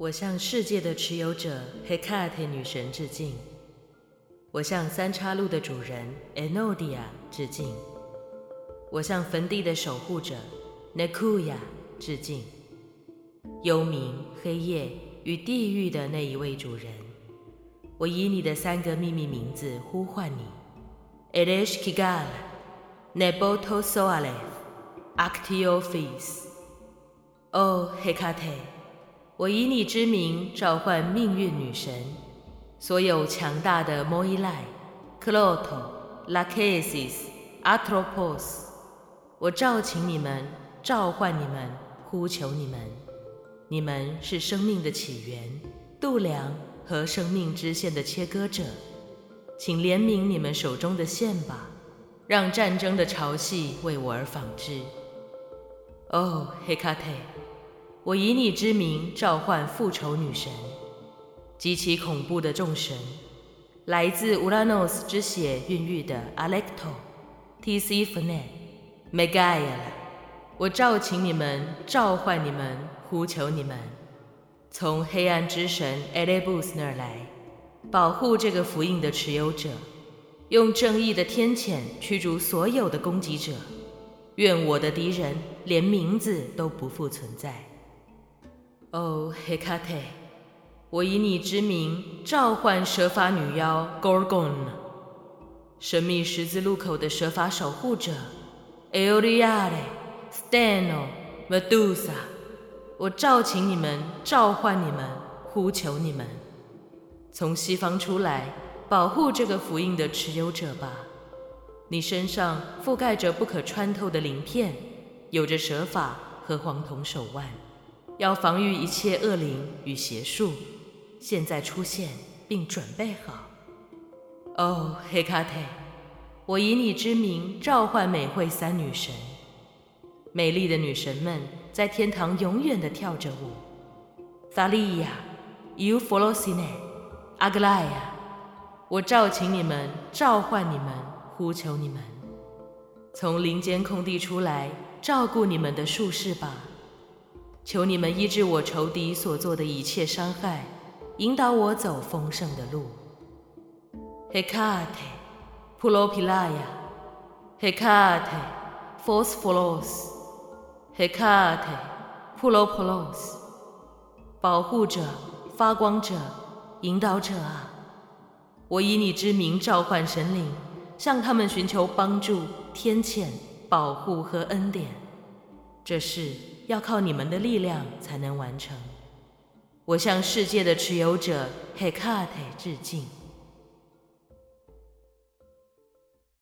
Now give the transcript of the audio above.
我向世界的持有者 Hecate 女神致敬。我向三叉路的主人 Enodia 致敬。我向墳地的守護者 Nekuya 致敬。幽冥、黑夜與地獄的那一位主人，我以你的三個秘密名字呼喚你：Ereshkigal、Nebutosualeth、Aktiophis。o、oh, Hecate。我以你之名召喚命運女神，所有強大的莫伊賴、克洛托、拉凱西斯、阿特洛珀斯。我召請你們，召喚你們，呼求你們，你們是生命的起源、度量和生命之線的切割者，請憐憫你們手中的線吧，讓戰爭的潮汐為我而紡織。哦，黑卡蒂。我以你之名召喚復仇女神，極其恐怖的眾神，來自烏拉諾斯之血孕育的阿勒克托、提西福涅、墨蓋拉。我召請你們，召喚你們，呼求你們，從黑暗之神 Erebus 那兒來，保護這個符印的持有者，用正義的天譴驅逐所有的攻擊者。願我的敵人連名字都不復存在。哦，黑卡蒂，我以你之名召喚蛇髮女妖 Gorgon，神秘十字路口的蛇髮守護者 Euryale，Steno，Medusa，我召請你們，召喚你們，呼求你們，從西方出來，保護這個符印的持有者吧。你身上覆蓋着不可穿透的鱗片，有着蛇髮和黃銅手腕。要防禦一切惡靈與邪術，現在出現並準備好。哦，黑卡特，我以你之名召喚美惠三女神。美麗的女神們在天堂永遠的跳着舞。薩利亞，伊芙洛西娜，阿格萊亞，我召請你們，召喚你們，呼求你們，從林間空地出來，照顧你們的術士吧。求你們醫治我仇敵所做的一切傷害，引導我走豐盛的路。Hecate, Propylaia, Hecate, Phosphoros, Hecate, Propolos，保護者、發光者、引導者啊！我以你之名召喚神靈，向他們尋求幫助、天譴、保護和恩典。這事要靠你們的力量才能完成。我向世界的持有者黑卡蒂致敬。